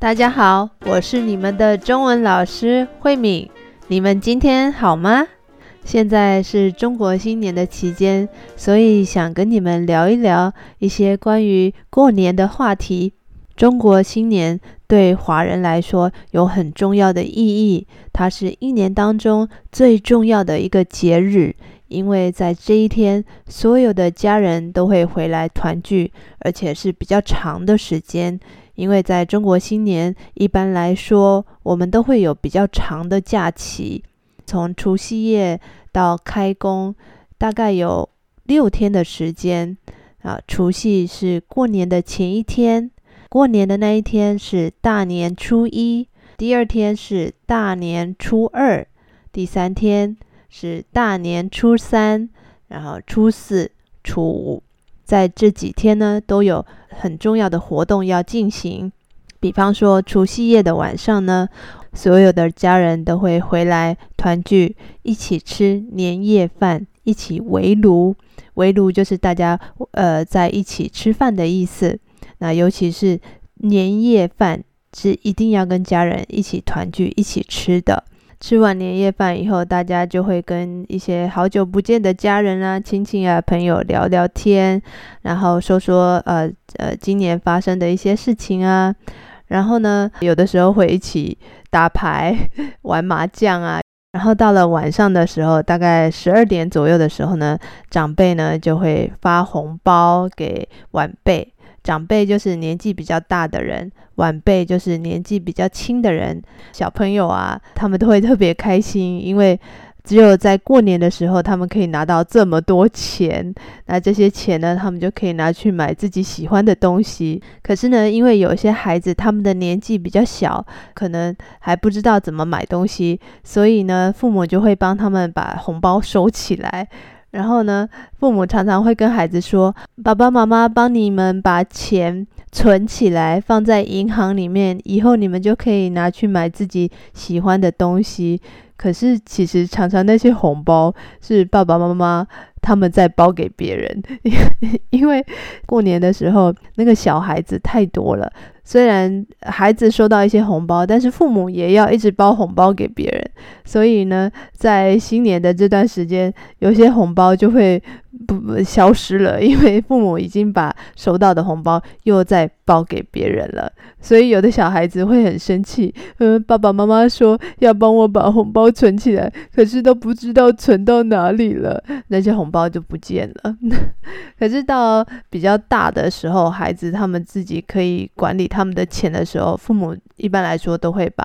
大家好，我是你們的中文老師慧敏。你們今天好嗎？現在是中國新年的期間，所以想跟你們聊一聊一些關於過年的話題。中國新年對華人來說有很重要的意義，它是一年當中最重要的一個節日。因為在這一天，所有的家人都會回來團聚，而且是比較長的時間。因為在中國新年，一般來說，我們都會有比較長的假期，從除夕夜到開工，大概有六天的時間。啊，除夕是過年的前一天，過年的那一天是大年初一，第二天是大年初二，第三天。是大年初三，然後初四、初五，在這幾天呢，都有很重要的活動要進行。比方說除夕夜的晚上呢，所有的家人都會回來團聚，一起吃年夜飯，一起圍爐。圍爐就是大家呃在一起吃飯的意思。那尤其是年夜飯是一定要跟家人一起團聚、一起吃的。吃完年夜飯以後，大家就會跟一些好久不見的家人啊、親戚啊、朋友聊聊天，然後說說呃呃今年發生的一些事情啊，然後呢，有的時候會一起打牌、玩麻將啊，然後到了晚上的時候，大概十二點左右的時候呢，長輩呢就會發紅包給晚輩。長輩就是年紀比較大的人，晚輩就是年紀比較輕的人，小朋友啊，他們都會特別開心，因為只有在過年的時候，他們可以拿到這麼多錢。那這些錢呢，他們就可以拿去買自己喜歡的東西。可是呢，因為有些孩子他們的年紀比較小，可能還不知道怎麼買東西，所以呢，父母就會幫他們把紅包收起來。然後呢，父母常常會跟孩子說：“爸爸媽媽幫你們把錢存起來，放在銀行裡面，以後你們就可以拿去買自己喜歡的東西。”可是，其實常常那些紅包是爸爸媽媽他們在包給別人，因為過年的時候那個小孩子太多了。雖然孩子收到一些紅包，但是父母也要一直包紅包給別人，所以呢，在新年的這段時間，有些紅包就會不不，消失了，因為父母已經把收到的紅包又再包給別人了，所以有的小孩子會很生氣。嗯，爸爸媽媽說要幫我把紅包存起來，可是都不知道存到哪裡了，那些紅包就不見了。 可是到比較大的時候，孩子他們自己可以管理他們的錢的時候，父母一般來說都會把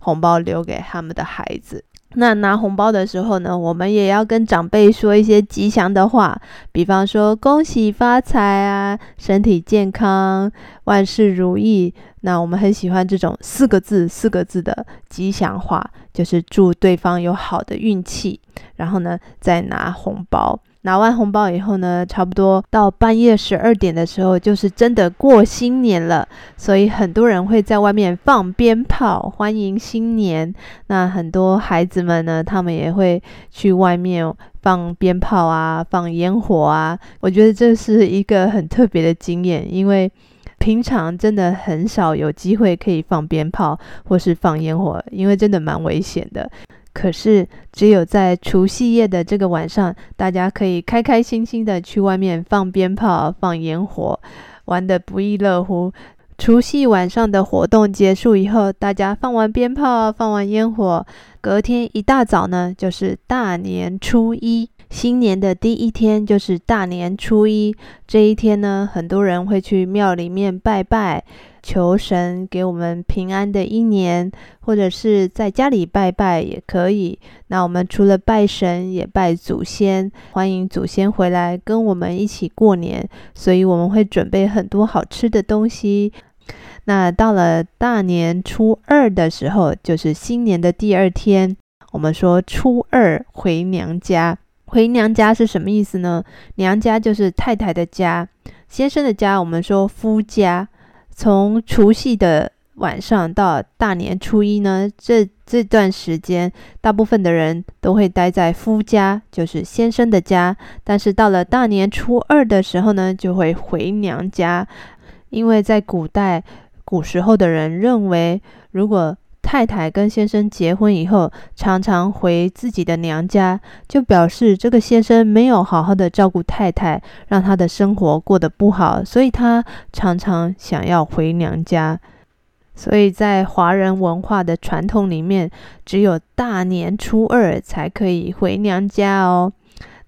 紅包留給他們的孩子。那拿紅包的時候呢，我們也要跟長輩說一些吉祥的話，比方說“恭喜發財”啊，“身體健康”、“萬事如意”。那我們很喜歡這種四個字、四個字的吉祥話，就是祝對方有好的運氣，然後呢再拿紅包。拿完紅包以後呢，差不多到半夜十二點的時候，就是真的過新年了。所以很多人會在外面放鞭炮，歡迎新年。那很多孩子們呢，他們也會去外面放鞭炮啊，放煙火啊。我覺得這是一個很特別的經驗，因為平常真的很少有機會可以放鞭炮或是放煙火，因為真的蠻危險的。可是，只有在除夕夜的這個晚上，大家可以開開心心的去外面放鞭炮、放煙火，玩得不亦樂乎。除夕晚上的活動結束以後，大家放完鞭炮、放完煙火，隔天一大早呢，就是大年初一。新年的第一天就是大年初一，這一天呢，很多人會去廟裡面拜拜，求神給我們平安的一年，或者是在家裡拜拜也可以。那我們除了拜神，也拜祖先，歡迎祖先回來跟我們一起過年，所以我們會準備很多好吃的東西。那到了大年初二的時候，就是新年的第二天，我們說初二回娘家。回娘家是什麼意思呢？娘家就是太太的家，先生的家我們說夫家。從除夕的晚上到大年初一呢，這這段時間大部分的人都會待在夫家，就是先生的家。但是到了大年初二的時候呢，就會回娘家，因為在古代古時候的人認為，如果太太跟先生結婚以後，常常回自己的娘家，就表示這個先生沒有好好的照顧太太，讓她的生活過得不好，所以她常常想要回娘家。所以在華人文化的傳統裡面，只有大年初二才可以回娘家哦。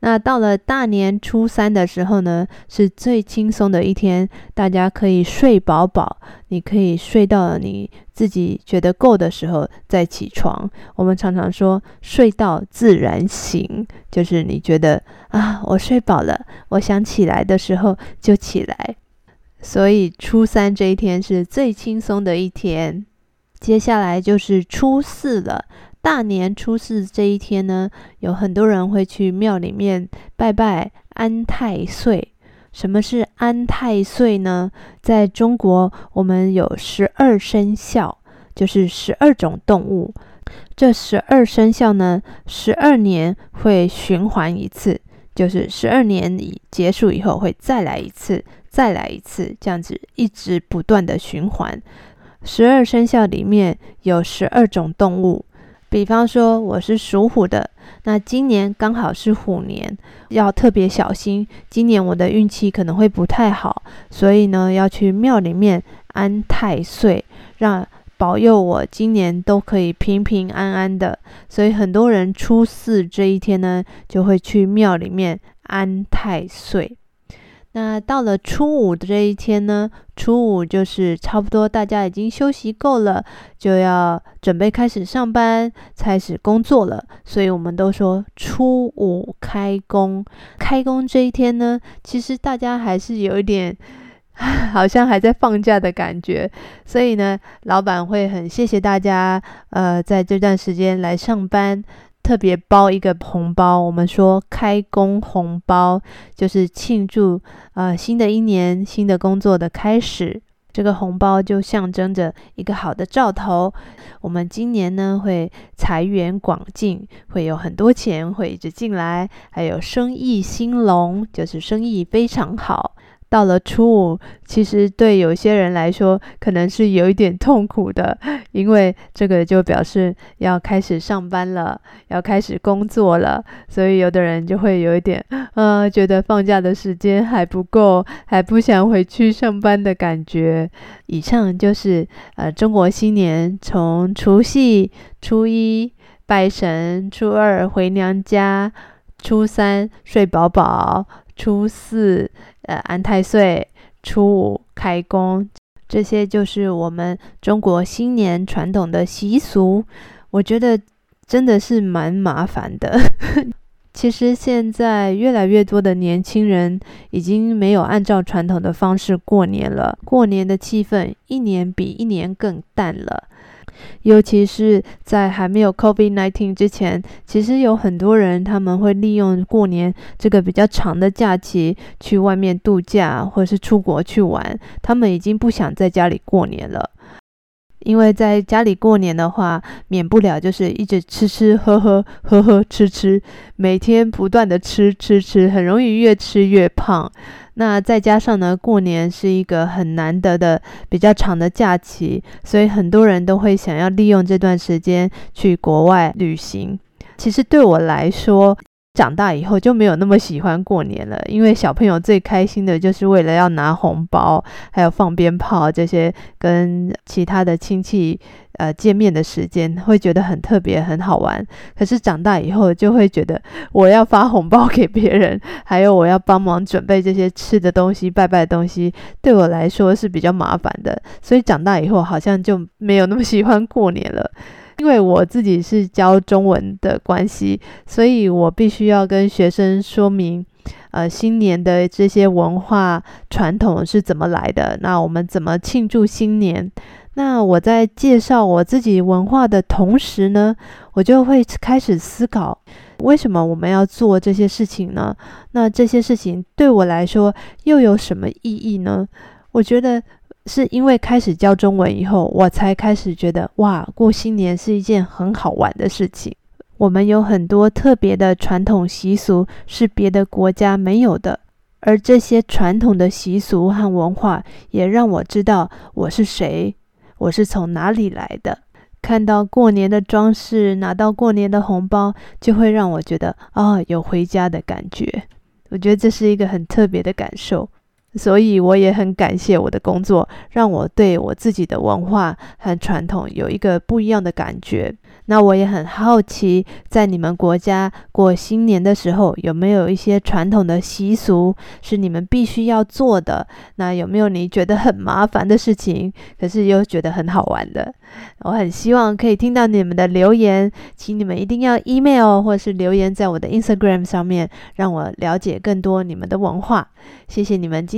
那到了大年初三的時候呢，是最輕鬆的一天，大家可以睡飽飽，你可以睡到你自己覺得夠的時候再起床。我們常常說睡到自然醒，就是你覺得啊，我睡飽了，我想起來的時候就起來。所以初三這一天是最輕鬆的一天，接下來就是初四了。大年初四這一天呢，有很多人會去廟裡面拜拜安太歲。什麼是安太歲呢？在中國，我們有十二生肖，就是十二種動物。這十二生肖呢，十二年會循環一次，就是十二年以結束以後會再來一次，再來一次這樣子，一直不斷的循環。十二生肖裡面有十二種動物。比方說，我是屬虎的，那今年剛好是虎年，要特別小心。今年我的運氣可能會不太好，所以呢，要去廟裡面安太歲，讓保佑我今年都可以平平安安的。所以很多人初四這一天呢，就會去廟裡面安太歲。那到了初五的這一天呢，初五就是差不多大家已經休息夠了，就要準備開始上班，開始工作了。所以我們都說初五開工。開工這一天呢，其實大家還是有一點好像還在放假的感覺，所以呢，老闆會很謝謝大家，呃，在這段時間來上班。特別包一個紅包，我們說開工紅包，就是慶祝啊、呃、新的一年新的工作的開始。這個紅包就象徵着一個好的兆頭。我們今年呢會財源廣進，會有很多錢會一直進來，還有生意興隆，就是生意非常好。到了初五，其實對有些人來說，可能是有一點痛苦的，因為這個就表示要開始上班了，要開始工作了，所以有的人就會有一點，呃，覺得放假的時間還不夠，還不想回去上班的感覺。以上就是呃中國新年從除夕、初一拜神、初二回娘家、初三睡飽飽、初四。呃，安太歲，初五開工，這些就是我們中國新年傳統的習俗。我覺得真的是蠻麻煩的。 其實現在越來越多的年輕人已經沒有按照傳統的方式過年了，過年的氣氛一年比一年更淡了。尤其是在還沒有 COVID-19 之前，其實有很多人他們會利用過年這個比較長的假期去外面度假，或者是出國去玩。他們已經不想在家裡過年了，因為在家裡過年的話，免不了就是一直吃吃喝喝，喝喝吃吃，每天不斷的吃吃吃，很容易越吃越胖。那再加上呢，過年是一個很難得的比較長的假期，所以很多人都會想要利用這段時間去國外旅行。其實對我來說，長大以後就沒有那麼喜歡過年了，因為小朋友最開心的就是為了要拿紅包，還有放鞭炮這些，跟其他的親戚呃見面的時間會覺得很特別、很好玩。可是長大以後就會覺得我要發紅包給別人，還有我要幫忙準備這些吃的東西、拜拜的東西，對我來說是比較麻煩的，所以長大以後好像就沒有那麼喜歡過年了。因為我自己是教中文的關係，所以我必須要跟學生說明，呃，新年的這些文化傳統是怎麼來的。那我們怎麼慶祝新年？那我在介紹我自己文化的同時呢，我就會開始思考，為什麼我們要做這些事情呢？那這些事情對我來說又有什麼意義呢？我覺得。是因為開始教中文以後，我才開始覺得哇，過新年是一件很好玩的事情。我們有很多特別的傳統習俗是別的國家沒有的，而這些傳統的習俗和文化也讓我知道我是誰，我是從哪裡來的。看到過年的裝飾，拿到過年的紅包，就會讓我覺得哦，有回家的感覺。我覺得這是一個很特別的感受。所以我也很感謝我的工作，讓我對我自己的文化和傳統有一個不一樣的感覺。那我也很好奇，在你們國家過新年的時候，有沒有一些傳統的習俗是你們必須要做的？那有沒有你覺得很麻煩的事情，可是又覺得很好玩的？我很希望可以聽到你們的留言，請你們一定要 email 或者是留言在我的 Instagram 上面，讓我了解更多你們的文化。謝謝你們！今